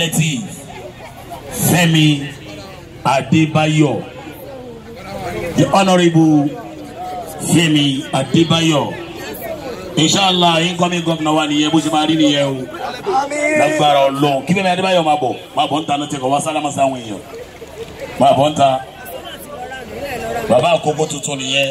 lẹ́tì Fẹ́mi Adébáyọ̀ the honourable Fẹ́mi Adébáyọ̀ inshallah incoming governor wa nìyẹn bó ṣe máa rí nìyẹn o lágbára Ọlọ́run kí Fẹ́mi Adébáyọ̀ máa bọ̀ máa bọ̀ ń ta lọ́tẹ̀kọ̀ wá sálámà sáwọn èèyàn máa bọ̀ ń ta bàbá àkókò tuntun nìyẹn.